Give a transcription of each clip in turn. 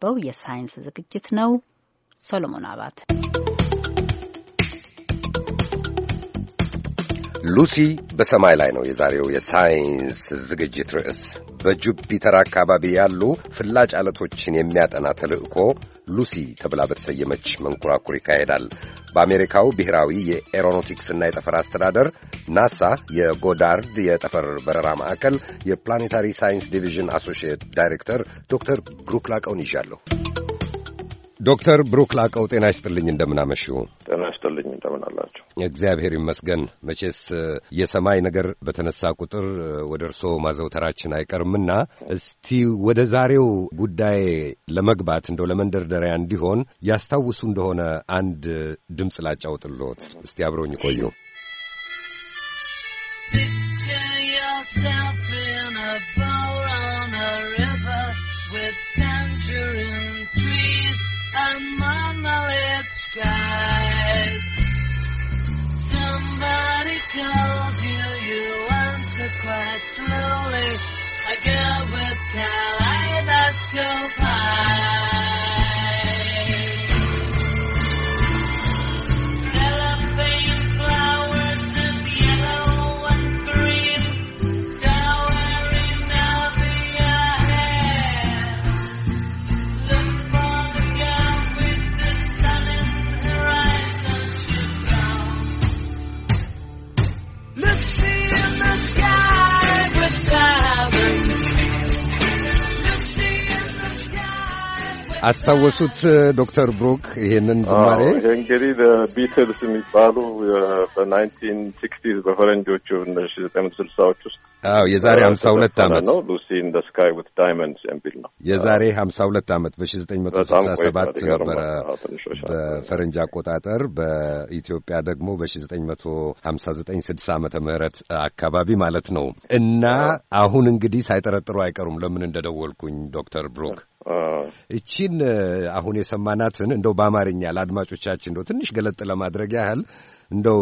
የሚቀርበው የሳይንስ ዝግጅት ነው። ሰሎሞን አባት ሉሲ በሰማይ ላይ ነው የዛሬው የሳይንስ ዝግጅት ርዕስ። በጁፒተር አካባቢ ያሉ ፍላጭ አለቶችን የሚያጠና ተልዕኮ ሉሲ ተብላ በተሰየመች መንኮራኩር ይካሄዳል። በአሜሪካው ብሔራዊ የኤሮኖቲክስና የጠፈር አስተዳደር ናሳ የጎዳርድ የጠፈር በረራ ማዕከል የፕላኔታሪ ሳይንስ ዲቪዥን አሶሺየት ዳይሬክተር ዶክተር ብሩክ ላቀውን ይዣለሁ። ዶክተር ብሩክ ላቀው ጤና ይስጥልኝ። እንደምናመሽው ጤና ይስጥልኝ። እንደምናላቸው እግዚአብሔር ይመስገን። መቼስ የሰማይ ነገር በተነሳ ቁጥር ወደ እርስዎ ማዘውተራችን አይቀርምና እስቲ ወደ ዛሬው ጉዳይ ለመግባት እንደው ለመንደርደሪያ እንዲሆን ያስታውሱ እንደሆነ አንድ ድምፅ ላጫውጥልዎት። እስቲ አብረውኝ ቆዩ። I'm mama, let's አስታወሱት ዶክተር ብሩክ ይሄንን ዝማሬ? ይሄ እንግዲህ በቢትልስ የሚባሉ በናይንቲን ሲክስቲዝ በፈረንጆቹ ሺ ዘጠኝ መቶ ስልሳዎች ውስጥ አዎ የዛሬ ሀምሳ ሁለት ዓመት ነው። ሉሲ ኢን ዘ ስካይ ዊት ዳይመንድስ የሚል ነው። የዛሬ ሀምሳ ሁለት ዓመት በሺ ዘጠኝ መቶ ስልሳ ሰባት ነበረ በፈረንጅ አቆጣጠር። በኢትዮጵያ ደግሞ በሺ ዘጠኝ መቶ ሀምሳ ዘጠኝ ስድሳ ዓመተ ምህረት አካባቢ ማለት ነው እና አሁን እንግዲህ ሳይጠረጥሩ አይቀሩም ለምን እንደደወልኩኝ ዶክተር ብሩክ እቺን አሁን የሰማናትን እንደው በአማርኛ ለአድማጮቻችን እንደው ትንሽ ገለጥ ለማድረግ ያህል እንደው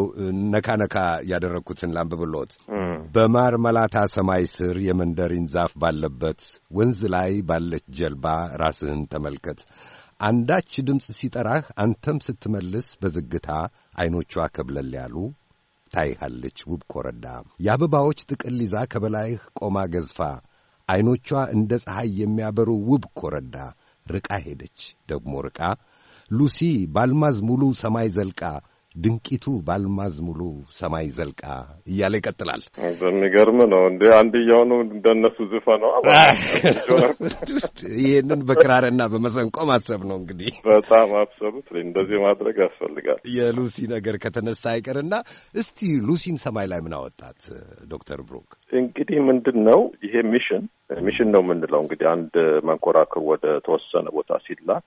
ነካ ነካ ያደረግኩትን ላንብብሎት። በማርመላታ ሰማይ ስር የመንደሪን ዛፍ ባለበት ወንዝ ላይ ባለች ጀልባ ራስህን ተመልከት። አንዳች ድምፅ ሲጠራህ አንተም ስትመልስ በዝግታ ዐይኖቿ ከብለል ያሉ ታይሃለች። ውብ ኮረዳ የአበባዎች ጥቅል ይዛ ከበላይህ ቆማ ገዝፋ ዐይኖቿ እንደ ፀሐይ የሚያበሩ ውብ ኮረዳ ርቃ ሄደች። ደግሞ ርቃ ሉሲ ባልማዝ ሙሉ ሰማይ ዘልቃ ድንቂቱ ባልማዝ ሙሉ ሰማይ ዘልቃ እያለ ይቀጥላል። በሚገርም ነው እንደ አንድያውኑ እንደነሱ ዝፈነዋ ይህንን በክራረና በመሰንቆ ማሰብ ነው እንግዲህ በጣም አብሰሉት እንደዚህ ማድረግ ያስፈልጋል። የሉሲ ነገር ከተነሳ አይቀርና እስቲ ሉሲን ሰማይ ላይ ምን አወጣት? ዶክተር ብሩክ እንግዲህ ምንድን ነው ይሄ ሚሽን ሚሽን ነው የምንለው እንግዲህ አንድ መንኮራክር ወደ ተወሰነ ቦታ ሲላክ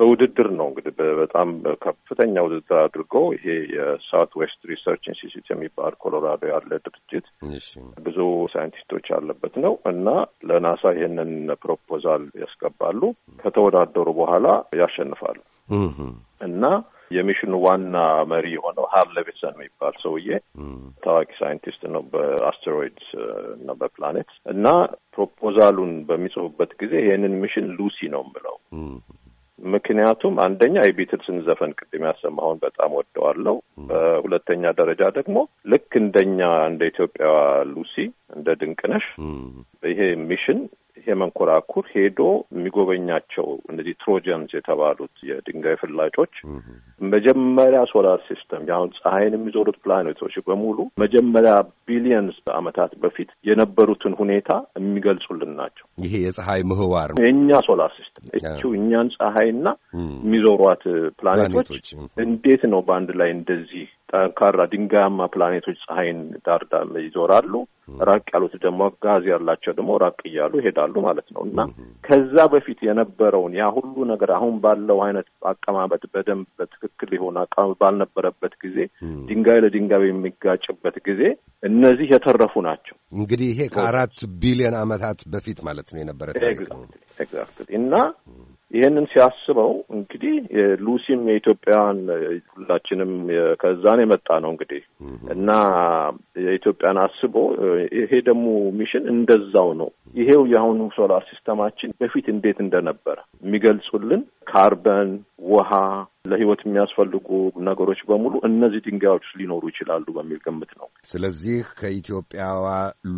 በውድድር ነው እንግዲህ በጣም ከፍተኛ ውድድር አድርጎ ይሄ የሳውት ዌስት ሪሰርች ኢንስቲትዩት የሚባል ኮሎራዶ ያለ ድርጅት ብዙ ሳይንቲስቶች ያለበት ነው እና ለናሳ ይህንን ፕሮፖዛል ያስገባሉ። ከተወዳደሩ በኋላ ያሸንፋሉ እና የሚሽኑ ዋና መሪ የሆነው ሀር ሌቪሰን የሚባል ሰውዬ ታዋቂ ሳይንቲስት ነው በአስቴሮይድስ እና በፕላኔት እና ፕሮፖዛሉን በሚጽፉበት ጊዜ ይህንን ሚሽን ሉሲ ነው የምለው ምክንያቱም አንደኛ የቢትልስን ዘፈን ቅድም ያሰማሁን በጣም ወደዋለው። በሁለተኛ ደረጃ ደግሞ ልክ እንደኛ እንደ ኢትዮጵያ ሉሲ እንደ ድንቅነሽ ይሄ ሚሽን የመንኮራኩር ሄዶ የሚጎበኛቸው እነዚህ ትሮጀንስ የተባሉት የድንጋይ ፍላጮች መጀመሪያ ሶላር ሲስተም ያሁን ፀሐይን የሚዞሩት ፕላኔቶች በሙሉ መጀመሪያ ቢሊየንስ ዓመታት በፊት የነበሩትን ሁኔታ የሚገልጹልን ናቸው። ይሄ የፀሐይ ምህዋር ነው። የእኛ ሶላር ሲስተም እችው እኛን ፀሐይና የሚዞሯት ፕላኔቶች እንዴት ነው በአንድ ላይ እንደዚህ ጠንካራ ድንጋያማ ፕላኔቶች ፀሐይን ዳር ዳር ይዞራሉ። ራቅ ያሉት ደግሞ ጋዝ ያላቸው ደግሞ ራቅ እያሉ ይሄዳሉ ማለት ነው እና ከዛ በፊት የነበረውን ያ ሁሉ ነገር አሁን ባለው አይነት አቀማመጥ በደንብ በትክክል የሆነ አቀማመጥ ባልነበረበት ጊዜ ድንጋይ ለድንጋይ የሚጋጭበት ጊዜ እነዚህ የተረፉ ናቸው። እንግዲህ ይሄ ከአራት ቢሊዮን ዓመታት በፊት ማለት ነው የነበረ እና ይህንን ሲያስበው እንግዲህ ሉሲም የኢትዮጵያን ሁላችንም ከዛን የመጣ ነው እንግዲህ እና የኢትዮጵያን አስቦ ይሄ ደግሞ ሚሽን እንደዛው ነው ይሄው የአሁኑ ሶላር ሲስተማችን በፊት እንዴት እንደነበረ የሚገልጹልን ካርበን፣ ውሃ፣ ለህይወት የሚያስፈልጉ ነገሮች በሙሉ እነዚህ ድንጋዮች ሊኖሩ ይችላሉ በሚል ግምት ነው። ስለዚህ ከኢትዮጵያዋ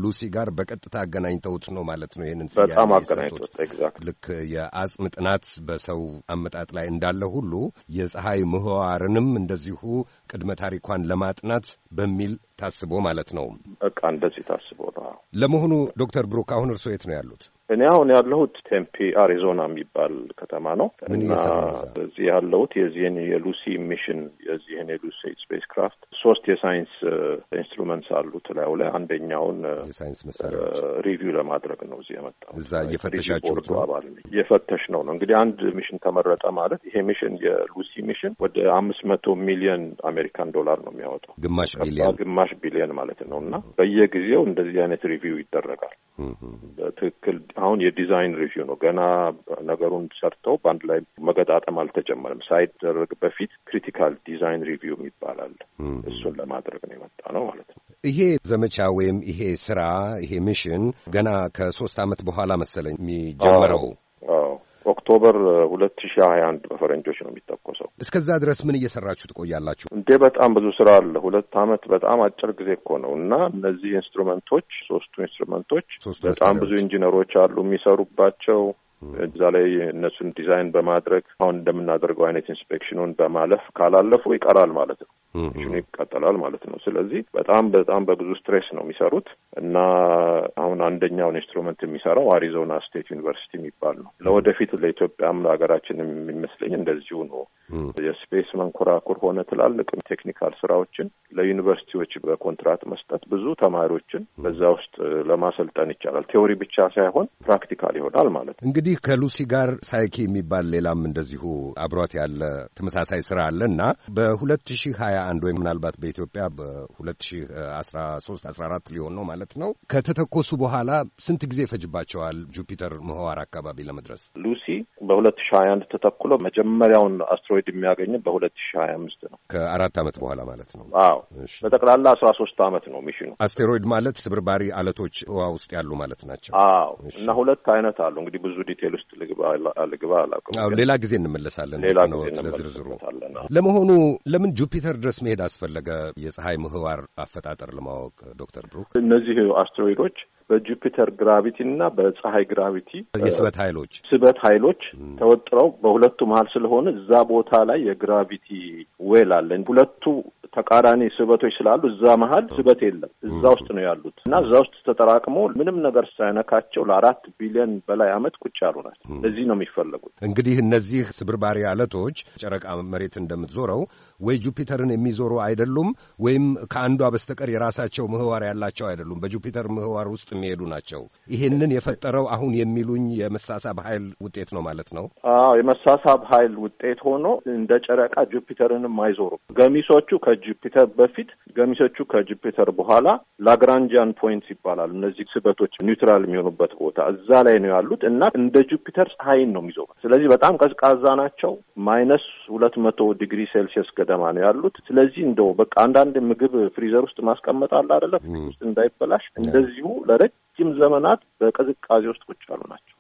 ሉሲ ጋር በቀጥታ አገናኝተውት ነው ማለት ነው። ይህንን በጣም አገናኝተውት ኤግዛክት ልክ የአጽም ጥናት በሰው አመጣጥ ላይ እንዳለ ሁሉ የፀሐይ ምህዋርንም እንደዚሁ ቅድመ ታሪኳን ለማጥናት በሚል ታስቦ ማለት ነው። በቃ እንደዚህ ታስቦ ነው። ለመሆኑ ዶክተር ብሩክ አሁን እርስዎ የት ነው ያሉት? እኔ አሁን ያለሁት ቴምፒ አሪዞና የሚባል ከተማ ነው እና እዚህ ያለሁት የዚህን የሉሲ ሚሽን የዚህን የሉሲ ስፔስ ክራፍት ሶስት የሳይንስ ኢንስትሩመንትስ አሉት ላዩ ላይ አንደኛውን የሳይንስ መሳሪያዎች ሪቪው ለማድረግ ነው እዚህ የመጣሁት። እዛ እየፈተሻችሁት ነው? አባል እየፈተሽ ነው ነው እንግዲህ አንድ ሚሽን ተመረጠ ማለት ይሄ ሚሽን የሉሲ ሚሽን ወደ አምስት መቶ ሚሊዮን አሜሪካን ዶላር ነው የሚያወጣው ግማሽ ቢሊዮን ግማሽ ቢሊዮን ማለት ነው እና በየጊዜው እንደዚህ አይነት ሪቪው ይደረጋል። በትክክል አሁን የዲዛይን ሪቪው ነው። ገና ነገሩን ሰርተው በአንድ ላይ መገጣጠም አልተጀመረም። ሳይደረግ በፊት ክሪቲካል ዲዛይን ሪቪው ይባላል። እሱን ለማድረግ ነው የመጣ ነው ማለት ነው። ይሄ ዘመቻ ወይም ይሄ ስራ ይሄ ሚሽን ገና ከሶስት ዓመት በኋላ መሰለኝ የሚጀምረው ኦክቶበር ሁለት ሺህ ሀያ አንድ በፈረንጆች ነው የሚተኮሰው። እስከዛ ድረስ ምን እየሰራችሁ ትቆያላችሁ? እንዴ በጣም ብዙ ስራ አለ። ሁለት አመት በጣም አጭር ጊዜ እኮ ነው እና እነዚህ ኢንስትሩመንቶች ሶስቱ ኢንስትሩመንቶች በጣም ብዙ ኢንጂነሮች አሉ የሚሰሩባቸው እዛ ላይ እነሱን ዲዛይን በማድረግ አሁን እንደምናደርገው አይነት ኢንስፔክሽኑን በማለፍ ካላለፉ ይቀራል ማለት ነው። ሽኑ ይቀጠላል ማለት ነው። ስለዚህ በጣም በጣም በብዙ ስትሬስ ነው የሚሰሩት እና አሁን አንደኛውን ኢንስትሩመንት የሚሰራው አሪዞና ስቴት ዩኒቨርሲቲ የሚባል ነው። ለወደፊት ለኢትዮጵያም ለሀገራችን የሚመስለኝ እንደዚሁ ነው። የስፔስ መንኮራኩር ሆነ ትላልቅ ቴክኒካል ስራዎችን ለዩኒቨርሲቲዎች በኮንትራት መስጠት ብዙ ተማሪዎችን በዛ ውስጥ ለማሰልጠን ይቻላል። ቴዎሪ ብቻ ሳይሆን ፕራክቲካል ይሆናል ማለት ነው። እንግዲህ ከሉሲ ጋር ሳይኪ የሚባል ሌላም እንደዚሁ አብሯት ያለ ተመሳሳይ ስራ አለ እና በሁለት ሺህ ሀያ አንድ ወይም ምናልባት በኢትዮጵያ በ2013 14 ሊሆን ነው ማለት ነው። ከተተኮሱ በኋላ ስንት ጊዜ ፈጅባቸዋል ጁፒተር ምህዋር አካባቢ ለመድረስ? ሉሲ በ2021 ተተኩሎ መጀመሪያውን አስትሮይድ የሚያገኘው በ2025 ነው። ከአራት ዓመት በኋላ ማለት ነው። አዎ በጠቅላላ 13 ዓመት ነው ሚሽኑ። አስቴሮይድ ማለት ስብርባሪ አለቶች ውሃ ውስጥ ያሉ ማለት ናቸው። አዎ እና ሁለት አይነት አሉ እንግዲህ ብዙ ዲቴል ውስጥ ልግባ አላውቅም። ሌላ ጊዜ እንመለሳለን። ሌላ ጊዜ ለዝርዝሩ ለመሆኑ ለምን ጁፒተር ድረስ መሄድ አስፈለገ የፀሐይ ምህዋር አፈጣጠር ለማወቅ ዶክተር ብሩክ እነዚህ አስትሮይዶች በጁፒተር ግራቪቲ እና በፀሐይ ግራቪቲ የስበት ኃይሎች ስበት ኃይሎች ተወጥረው በሁለቱ መሀል ስለሆነ እዛ ቦታ ላይ የግራቪቲ ዌል አለን። ሁለቱ ተቃራኒ ስበቶች ስላሉ እዛ መሀል ስበት የለም። እዛ ውስጥ ነው ያሉት እና እዛ ውስጥ ተጠራቅሞ ምንም ነገር ሳይነካቸው ለአራት ቢሊዮን በላይ አመት ቁጭ ያሉ ናቸው። እዚህ ነው የሚፈለጉት። እንግዲህ እነዚህ ስብርባሪ አለቶች ጨረቃ መሬት እንደምትዞረው ወይ ጁፒተርን የሚዞሩ አይደሉም፣ ወይም ከአንዷ በስተቀር የራሳቸው ምህዋር ያላቸው አይደሉም። በጁፒተር ምህዋር ውስጥ የሚሄዱ ናቸው። ይሄንን የፈጠረው አሁን የሚሉኝ የመሳሳብ ኃይል ውጤት ነው ማለት ነው። አዎ የመሳሳብ ኃይል ውጤት ሆኖ እንደ ጨረቃ ጁፒተርንም አይዞሩም። ገሚሶቹ ከጁፒተር በፊት ገሚሶቹ ከጁፒተር በኋላ ላግራንጃን ፖይንት ይባላሉ። እነዚህ ስበቶች ኒውትራል የሚሆኑበት ቦታ እዛ ላይ ነው ያሉት እና እንደ ጁፒተር ፀሐይን ነው የሚዞሩት። ስለዚህ በጣም ቀዝቃዛ ናቸው። ማይነስ ሁለት መቶ ዲግሪ ሴልሲየስ ገደማ ነው ያሉት። ስለዚህ እንደው በቃ አንዳንድ ምግብ ፍሪዘር ውስጥ ማስቀመጥ አለ አይደለ? ፍሪዝ ውስጥ እንዳይበላሽ እንደዚሁ ለረጅም ዘመናት በቅዝቃዜ ውስጥ ቁጭ ያሉ ናቸው።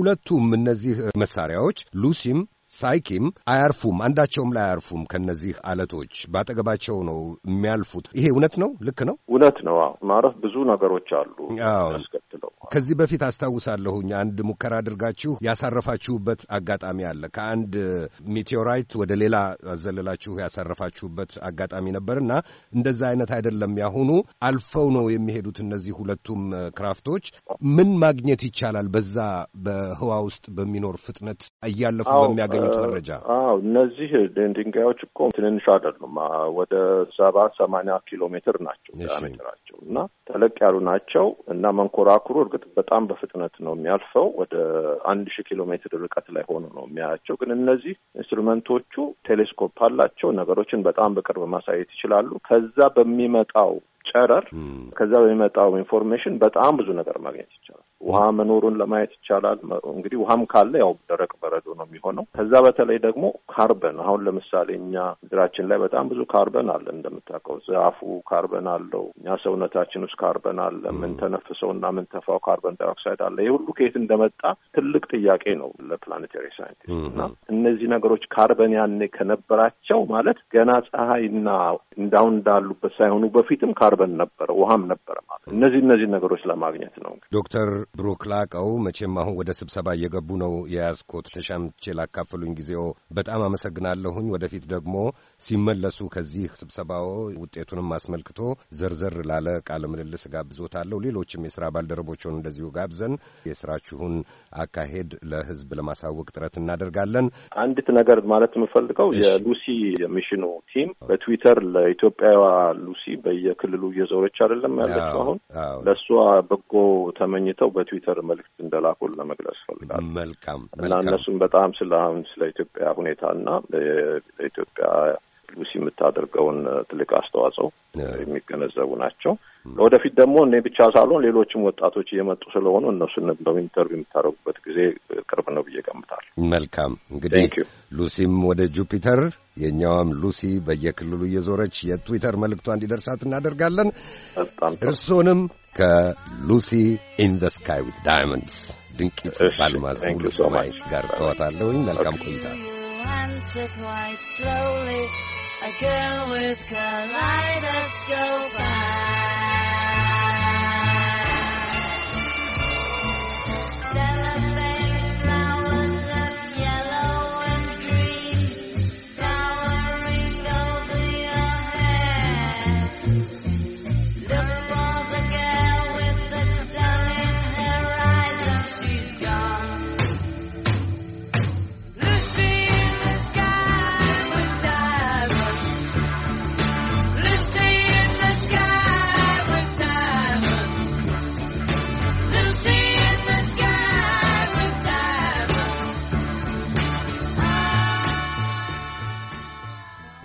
ሁለቱም እነዚህ መሳሪያዎች ሉሲም ሳይኪም አያርፉም፣ አንዳቸውም ላይ አያርፉም። ከነዚህ አለቶች በአጠገባቸው ነው የሚያልፉት። ይሄ እውነት ነው፣ ልክ ነው፣ እውነት ነው። ማረፍ ብዙ ነገሮች አሉ ያስከትለው ከዚህ በፊት አስታውሳለሁኝ አንድ ሙከራ አድርጋችሁ ያሳረፋችሁበት አጋጣሚ አለ። ከአንድ ሚቴዮራይት ወደ ሌላ አዘለላችሁ ያሳረፋችሁበት አጋጣሚ ነበር እና እንደዛ አይነት አይደለም ያሁኑ። አልፈው ነው የሚሄዱት እነዚህ ሁለቱም ክራፍቶች። ምን ማግኘት ይቻላል በዛ በህዋ ውስጥ በሚኖር ፍጥነት እያለፉ በሚያገኙት መረጃ? አዎ እነዚህ ድንጋዮች እኮ ትንንሽ አይደሉም። ወደ ሰባ ሰማንያ ኪሎ ሜትር ናቸው ሜትራቸው እና ተለቅ ያሉ ናቸው እና መንኮራኩሩ እርግጥ በጣም በፍጥነት ነው የሚያልፈው። ወደ አንድ ሺህ ኪሎ ሜትር ርቀት ላይ ሆኖ ነው የሚያያቸው። ግን እነዚህ ኢንስትሩመንቶቹ ቴሌስኮፕ አላቸው። ነገሮችን በጣም በቅርብ ማሳየት ይችላሉ። ከዛ በሚመጣው ጨረር፣ ከዛ በሚመጣው ኢንፎርሜሽን በጣም ብዙ ነገር ማግኘት ይቻላል። ውሃ መኖሩን ለማየት ይቻላል። እንግዲህ ውሃም ካለ ያው ደረቅ በረዶ ነው የሚሆነው። ከዛ በተለይ ደግሞ ካርበን አሁን ለምሳሌ እኛ ምድራችን ላይ በጣም ብዙ ካርበን አለ እንደምታውቀው። ዛፉ ካርበን አለው፣ እኛ ሰውነታችን ውስጥ ካርበን አለ፣ የምንተነፍሰው እና የምንተፋው ካርበን ዳይኦክሳይድ አለ። ይህ ሁሉ ከየት እንደመጣ ትልቅ ጥያቄ ነው ለፕላኔታሪ ሳይንቲስት እና እነዚህ ነገሮች ካርበን ያኔ ከነበራቸው ማለት ገና ፀሐይና እንዳሁን እንዳሉበት ሳይሆኑ በፊትም ካርበን ነበረ ውሃም ነበረ ማለት እነዚህ እነዚህ ነገሮች ለማግኘት ነው ዶክተር ብሩክ ላቀው፣ መቼም አሁን ወደ ስብሰባ እየገቡ ነው የያዝኩት። ተሻምቼ ላካፈሉኝ ጊዜው በጣም አመሰግናለሁኝ። ወደፊት ደግሞ ሲመለሱ ከዚህ ስብሰባው ውጤቱንም አስመልክቶ ዘርዘር ላለ ቃለ ምልልስ ጋብዞታለሁ። ሌሎችም የስራ ባልደረቦችን እንደዚሁ ጋብዘን የስራችሁን አካሄድ ለህዝብ ለማሳወቅ ጥረት እናደርጋለን። አንዲት ነገር ማለት የምፈልገው የሉሲ የሚሽኑ ቲም በትዊተር ለኢትዮጵያዋ ሉሲ በየክልሉ እየዞረች አይደለም ያለችው አሁን ለእሷ በጎ ተመኝተው በትዊተር መልእክት እንደላኩን ለመግለጽ ፈልጋል። መልካም እና እነሱም በጣም ስለ አሁን ስለ ኢትዮጵያ ሁኔታ እና ለኢትዮጵያ ሉሲ የምታደርገውን ትልቅ አስተዋጽኦ የሚገነዘቡ ናቸው። ለወደፊት ደግሞ እኔ ብቻ ሳልሆን ሌሎችም ወጣቶች እየመጡ ስለሆኑ እነሱን ብለው ኢንተርቪው የምታደርጉበት ጊዜ ቅርብ ነው ብዬ እገምታለሁ። መልካም እንግዲህ ሉሲም ወደ ጁፒተር የእኛዋም ሉሲ በየክልሉ እየዞረች የትዊተር መልእክቷ እንዲደርሳት እናደርጋለን። በጣም እርስዎንም ከሉሲ ኢን ዘ ስካይ ዊት ዳያመንድስ ድንቂት ባልማዝ ሙሉ ሰማይ ጋር ተዋታለሁኝ። መልካም ቆይታ A girl with kaleidoscope eyes.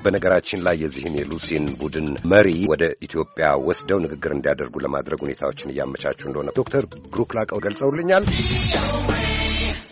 በነገራችን ላይ የዚህን የሉሲን ቡድን መሪ ወደ ኢትዮጵያ ወስደው ንግግር እንዲያደርጉ ለማድረግ ሁኔታዎችን እያመቻቹ እንደሆነ ዶክተር ብሩክ ላቀው ገልጸውልኛል።